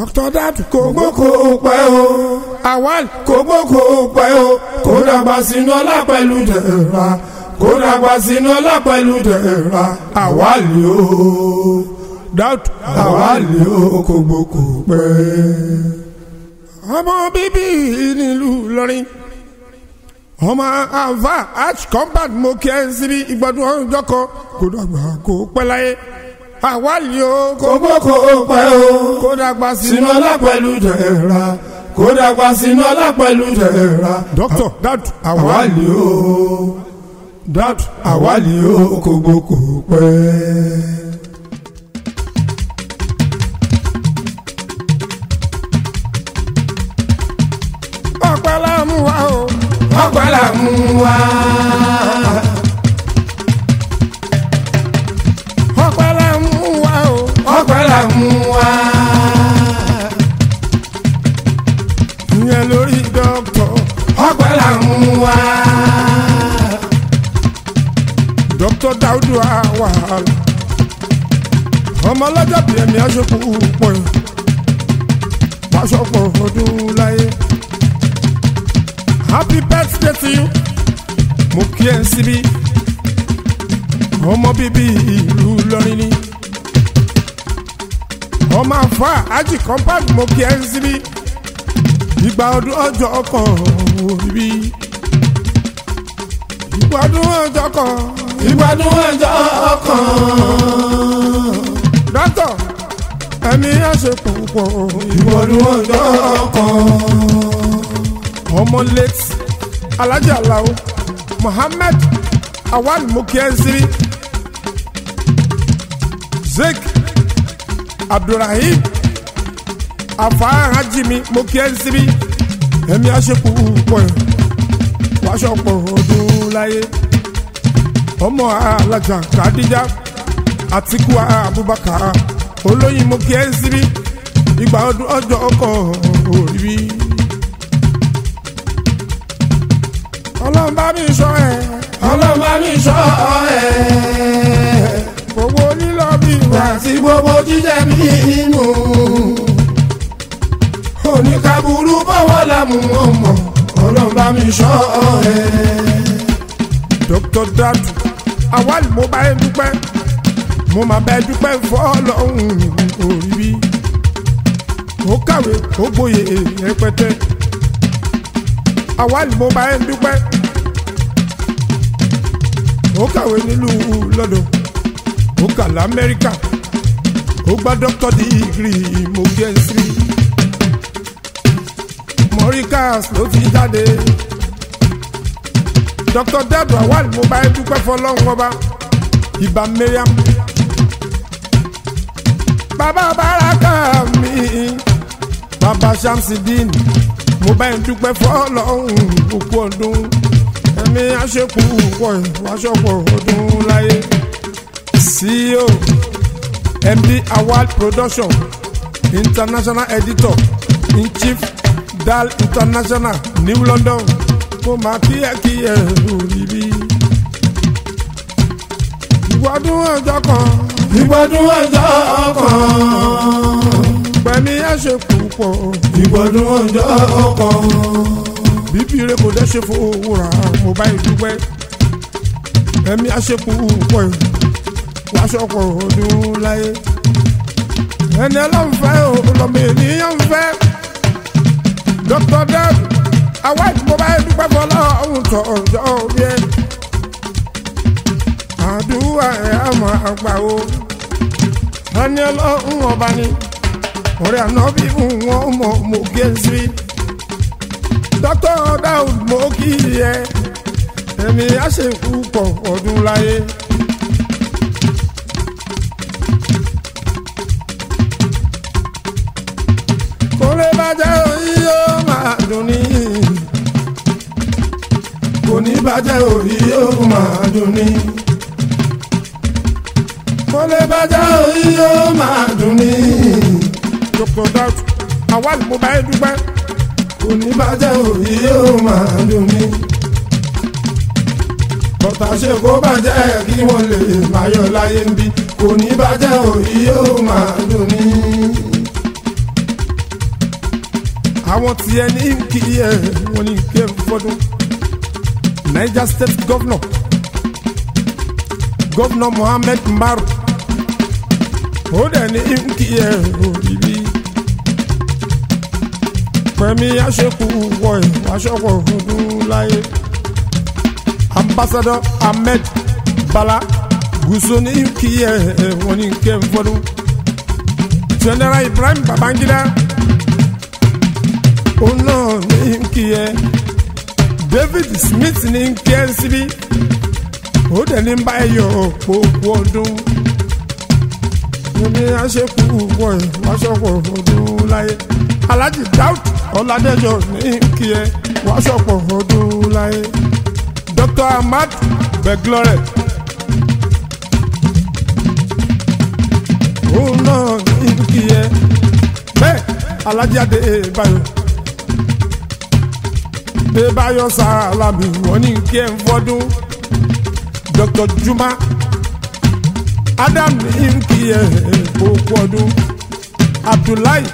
Dr. Dadu kò gbóko pẹ́ o. Awal kò gbóko pẹ́ o. Kó dàgbà sínú ọlá pẹ̀lú dẹ̀ra. Kó dàgbà sínú ọlá pẹ̀lú dẹ̀ra. Awal yóò. Dadu Awal yóò kò gbóko pẹ́. Ọmọ bíbí nílùú Ìlọrin. Ọmọ àǹfà Arch Combat Mokẹ́ síbi ìgbọ́dún ọ̀hún jọ́kọ̀. Kó dàgbà kò pẹ́ láyé àwálì o. kókó kó pẹ́ o. kó dàgbà sínú ọlá pẹ̀lú jẹ̀ra. kó dàgbà sínú ọlá pẹ̀lú jẹ̀ra. dókítà dadu àwálì o. dadu àwálì o. kókó kó pẹ́. ọ̀pẹ̀ la mú wa o. ọ̀pẹ̀ la wa. dúdú wàhálà ọmọ ọlọ́jọ́ bí ẹ̀mí aṣọ́kù pọ̀ aṣọ́kù ọdún láyé happy birthday to you mo kí ẹ síbí ọmọ bíbí ìlú lọ́rin ni ọmọ àfa àjì compound mo kí ẹ síbí ìgbà ọdún ọjọ́ ọkọ̀ òbí ìgbà ọdún ọjọ́ ọkọ̀ ìbàdàn ẹjọ́ kan. dókítà ẹni ẹsẹ púpọ̀ ìbàdàn ẹjọ́ kan. ọmọ late alhaji alao mohammed awal mukienziri Zeke, abdulrahim afahajimi mukienziri ẹni ẹsẹ púpọ̀ wàṣọ pọ̀ ọdún láyé ọmọ alájà kàdíjà àtìkú abubakar olóyin mo kí ẹ síbí ìgbà ọdún ọjọ́ ọkọ̀ òrìbí. ọlọ́run bá mi sọ ẹ̀. ọlọ́run bá mi sọ ẹ̀. gbogbo lílọ bí wà. àti gbogbo jíjẹ bí inú. oníkàbúrú bọ́wọ́ làmú ọmọ ọlọ́run bá mi sọ ẹ̀. dókítà dàdú àwa ni mo bá ẹ dúpẹ́ mo máa bẹ dúpẹ́ fọlọ́hún orí bí ó kàwé ó gboyè rẹpẹtẹ àwa ni mo bá ẹ dúpẹ́ ó kàwé nílùú lọ́dọ̀ ó kà lamẹ́ríkà ó gba dọ́kítọ̀ dìgírì mo gẹ́ sí mọ́ríkàs ló fi jáde. Dr. Dado Awal mo bá ẹ dúpẹ́ fọlọ́run ọba ìbà Mariam. Bàbá Baraka mi, Bàbá Shamsidin, mo bá ẹ dúpẹ́ fọlọ́run òkú ọdún. Ẹ̀mí aṣẹ́kù wọ̀ aṣọ́pọ̀ ọdún láyé. CEO MD Awal Production International Editor in Chief DAL International New London kó máa kíyẹ̀kíyẹ̀ lórí bí. ìwọ́dún ọjọ́ kan. ìwọ́dún ọjọ́ kan. pẹ̀mí ẹ̀ ṣe púpọ̀. ìwọ́dún ọjọ́ kan. bíbí rẹ kò dẹ́ ṣe fowó ra mo bá ìdúpẹ́. ẹ̀mí àṣepọ̀ pọ̀ wàá ṣọ̀pọ̀ ọdún láyé ẹni ọlọ́run fẹ́ ènìyàn fẹ́ dr dev àwa tí mo bá dúpẹ́ fọlọ́ ọ̀hún tọ̀ ọ̀jọ́ òbí ẹ̀. àdúrà ẹ̀ àmọ́ àgbà o wọ́n ní ọlọ́run ọba ni ọ̀rẹ́ àná bí wọ́n mọ̀ mo gé sí. dókítà dáhùn mo kí ẹ ẹ̀mí á pọ̀ ọdún láyé. bàjẹ́ òrí yóò máa dùn ní. mo lè bàjẹ́ òrí yóò máa dùn ní. Dr. Daud àwa ni mo bá yín dúpẹ́. kò ní bàjẹ́ òrí yóò máa dùn ní. bọ́tà ṣe kó bàjẹ́ kí wọ́n lè máa yọ láyé ń bí. kò ní bàjẹ́ òrí yóò máa dùn ní. àwọn tiẹ̀ ní kí ẹ̀ wọ́n ní kí ẹ̀ fọdún. Niger State Governor, Governor Mohammed Mbaru, ó dẹ̀ ní nkìyẹ òbíbí. Pẹ̀mí aṣẹ́kù wọ̀ ẹ̀ aṣọ́kọ̀ ọdún láyé. Ambassador Ahmed Bala Guso ní nkìyẹ wọn ní nkẹ́ nfọdún. General Ibrahim Babangida, òun náà ní nkìyẹ. David Smith ní kí ẹ ń síbí ó dẹ̀ ní bá ẹyọ òpó òkú ọdún mo ní aṣẹ́kù wọ̀ wáṣọ̀pọ̀ ọdún láyé Alhaji Daud Ọládẹ́jọ ní kí ẹ wáṣọ̀pọ̀ ọdún láyé Dr. Ahmad Beglore òun náà ní kí ẹ bẹ́ẹ̀ alájáde báyọ̀. Adébáyọ̀ Sàlámì wọ́n ní kí ẹ̀ ń fọdún Dr. Juma Adam ní kí ẹ̀ kókó ọdún Abdullahi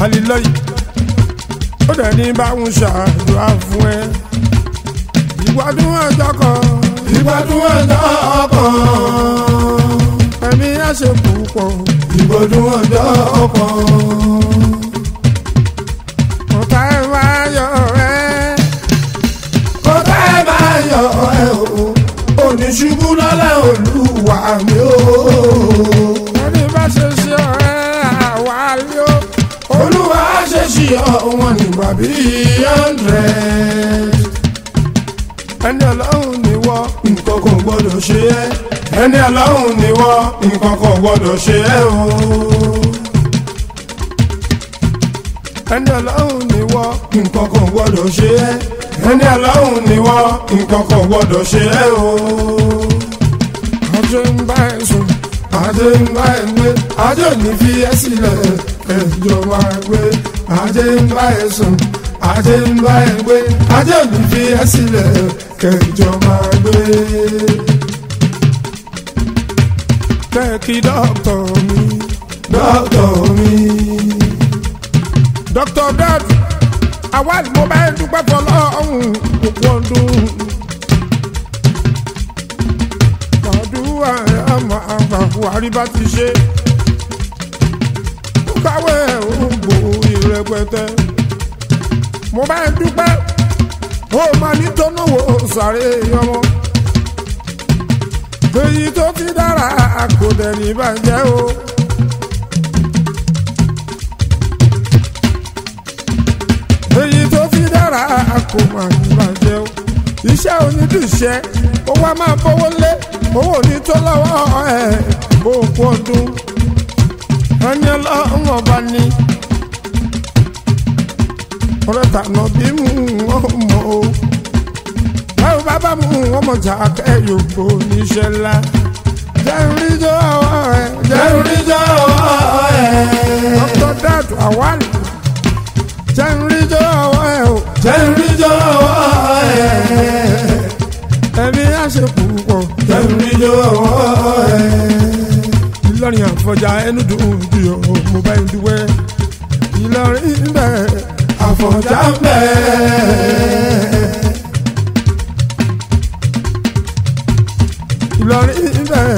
Haliloyi ó dẹ̀ ní báwọn ṣàdúrà fún ẹ ìgbádùn ọjọ́ kan ìgbádùn ọjọ́ kan ẹ̀mí àṣepù pọ̀ ìgbádùn ọjọ́ kan. láyọ̀ ẹ o oníṣubú lọ́lẹ̀ olúwa mi o. ẹni bá ṣe ṣe ọ̀rẹ́ àwa lé o. olúwa ṣe ṣe ọ̀wọ́n nígbà bíi hundred. ẹni ọlọ́run ni wọ́n nǹkan kò gbọ́dọ̀ ṣe ẹ́. ẹni ọlọ́run ni wọ́n nǹkan kò gbọ́dọ̀ ṣe ẹ́ o. ẹni ọlọ́run ni wọ́n nǹkan kò gbọ́dọ̀ ṣe ẹ́ wọ́n ní aláhùn ni wọ́n nǹkan kan gbọ́dọ̀ ṣe ẹ́ o. àjọ ń bá ẹ sùn àjọ ń bá ẹ gbé àjọ ní fi ẹ sílẹ̀ ẹjọ́ máa gbé àjọ ń bá ẹ sùn àjọ ń bá ẹ gbé àjọ ní fi ẹ sílẹ̀ kẹjọ máa gbé. kẹ́ẹ̀kì dọ́kítọ̀ mi. dọ́kítọ̀ mi. dọ́kítọ̀ dáàbò àwa ni mo bá ń dúpẹ́ fọlọ́hún gbogbo ọdún. àdúrà àmọ́ àgbà Buhari bá ti ṣe káwé òǹgbò ìrẹpẹtẹ mo bá ń dúpẹ́ ó máa ní tónúwò sàré ọmọ èyí tó ti dára kò dẹ̀ ní bàjẹ́ o. kò mọ àgbàjẹ́ o. iṣẹ́ onídùúṣẹ́ owó a máa bọ́wọ́ lé owó òní ẹ̀ bó ọdún. ẹni ọlọ́run ọba ni ọ̀rẹ́ tànà bí mú ọmọ o. báwo bàbá mú ọmọ jà kẹ́ yòókù oníṣẹ́ ńlá. jẹun ríjọ ọwọ́ ẹ̀ jẹun ríjọ ọwọ́ ẹ̀. dr dad awali jẹun ríjọ ọwọ́ ẹ̀ o. jẹun. lọ́wọ́ ẹ̀. Ìlọrin àfọ̀jà ẹnu dùn bí òun mo bá yín dúpẹ́. Ìlọrin bẹ́ẹ̀ àfọ̀jà bẹ́ẹ̀. Ìlọrin bẹ́ẹ̀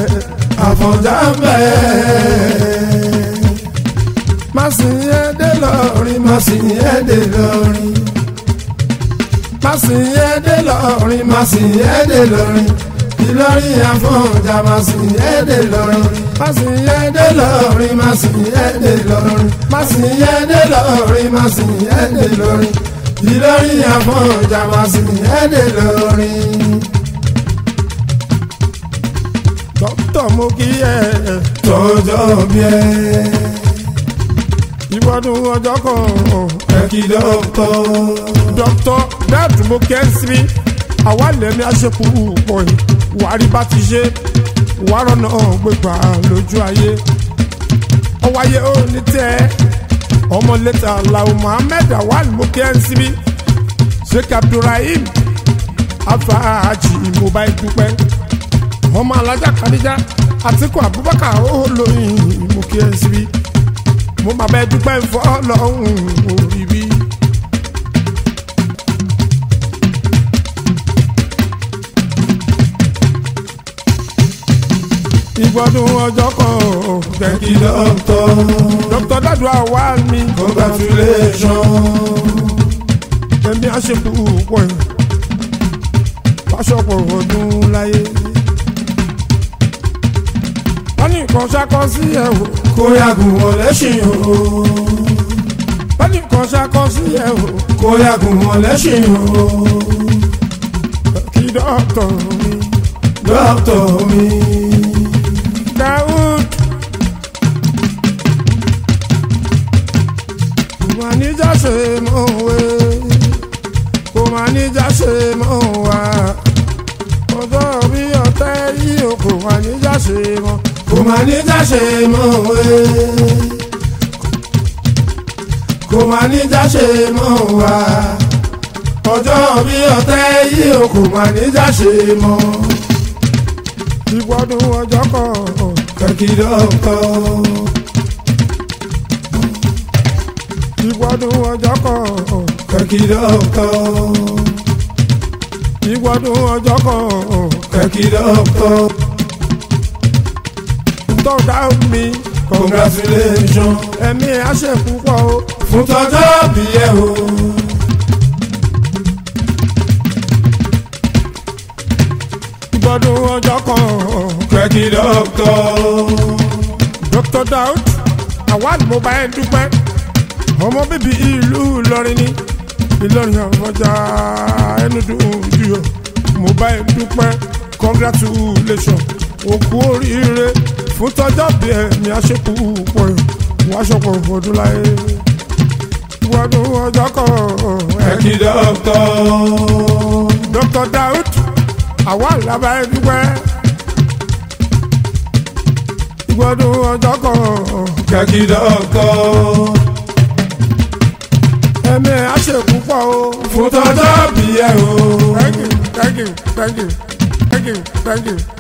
àfọ̀jà bẹ́ẹ̀. Màsìnyẹ́ dé lọ́rin, màsìnyẹ́ dé lọ́rin. Màsìnyẹ́ dé lọ́rin, màsìnyẹ́ dé lọ́rin ìlọrin àfọ̀njà máa sì yéde lọ́rin máa sì yéde lọ́rin máa sì yéde lọ́rin máa sì yéde lọ́rin máa sì yéde lọ́rin ìlọrin àfọ̀njà máa sì yéde lọ́rin. dókítà mo kí ẹ tọjọ bí ẹ ọjọ́ kan ẹ kí dókítà. dókítà bẹ́ẹ̀ dùn mo kẹ́ sí mi àwa lẹ́mí àṣepọ̀ pọ̀ yìí wàárí bá ti ṣe wàárọ̀ náà gbégbà lójú ayé ọwọ́ ayé ó ní tẹ́ ọmọ lẹ́tà làwọn Muhammed awal mokẹ́ ń síbí Sheikh Abdulrahim afaaji ìmúba ìdúpẹ́ ọmọ alájà kadija àtìkù Abubakar olóyin mokẹ́ ń síbí mo bàbá ìdúpẹ́ ń fọ́ lọ́hùn ìgbọdún ọjọ́ kan o. thank you doctor. doctor dadu awa mi. congratulations. èmi á ṣe púpọ̀ yìí fásọ̀pọ̀ ọdún láyé. wọ́n ní nǹkan ṣakọ sí ẹ̀ o. kó yàgùn wọlé ṣìn o. wọ́n ní nǹkan ṣakọ sí ẹ̀ o. kó yàgùn wọlé ṣìn o. kí dọ́kítọ̀ mi. dọ́kítọ̀ mi. Daoud. kò mà ní já ṣe mọ̀ wé kò mà ní já ṣe mọ̀ wá ọjọ́ bí ọ̀tá yìí o kò mà ní já ṣe mọ̀ kò mà ní já wa, ojo bi kò mà ní já ṣe mọ̀ wá ọjọ́ bí ọ̀tá yìí o kò ẹ̀kìdọ́kọ̀. ìwọ́dún ọjọ́ kan. ẹ̀kìdọ́kọ̀. ìwọ́dún ọjọ́ kan. ẹ̀kìdọ́kọ̀. tọ́dá mi. congratulations. ẹ̀mí àṣẹ púpọ̀ o. fún tọ́jọ́ bí ẹ o. lọ́dún ọjọ́ kan. kẹ́kì dókítà. dókítà Daud Awad mo bá ẹ dúpẹ́ ọmọ bíbí ìlú Ìlọrin ni Ìlọrin àfọjá ẹnu dùn jù mo bá ẹ dúpẹ́ congratulation òkú oríire fún tọjọ́ bí ẹ̀mí aṣẹ́kù pọ̀ wọ́n aṣọ pọ̀ ọdún láyé wọ́n dún ọjọ́ kan. ẹ̀kí dókítà. dókítà Daud àwa ìlàbà ẹ dúpẹ́. ìgbọ́dún ọjọ́ kan. jẹ́kìdọ́kọ́. ẹ̀mí àṣekú pọ̀ o. fún tọ́jọ́ bí ẹ o. thank you thank you thank you thank you thank you.